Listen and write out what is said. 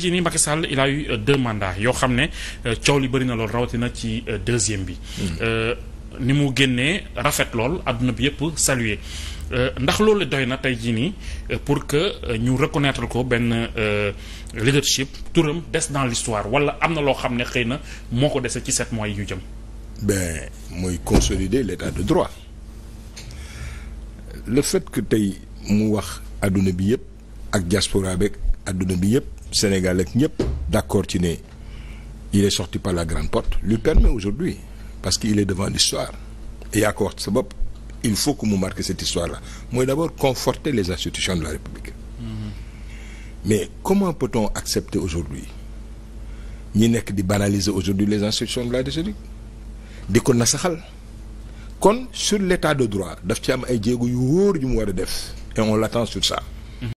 ji ni Macky Sall il euh, yoo xam ne euh, coow li bëri na lool rawatina ci euh, deuxième bi hmm. ni mu génnee rafet lool àdduna bi yëpp saluer ndax loolu doy na tey jii nii pour que ñu reconnaître ko benn leadership turam des dans l'histoire wala am na loo xam ne xëy na moo ko desee ci sept mois yi ñu jëm ben mooy consolide l'état de droit le fait tey mu wax adduna bi yëpp ak diaspora beeg àdduna bi yëpp Sénégal ak ñëpp d'accord ci ne il est sorti par la grande porte lui permet aujourd'hui parce qu'il est devant l'histoire et yaa ko wax sa bopp il faut que mu marque cette histoire la mooy d'abord conforter les institutions de la République mm-hmm. mais comment peut-on accepter aujourd'hui ñi nekk di banaliser aujourd'hui les institutions de la République di ko nasaxal kon sur l'état de droit daf ci am ay jéego yu wóor yu mu war a def et on l'attend sur ça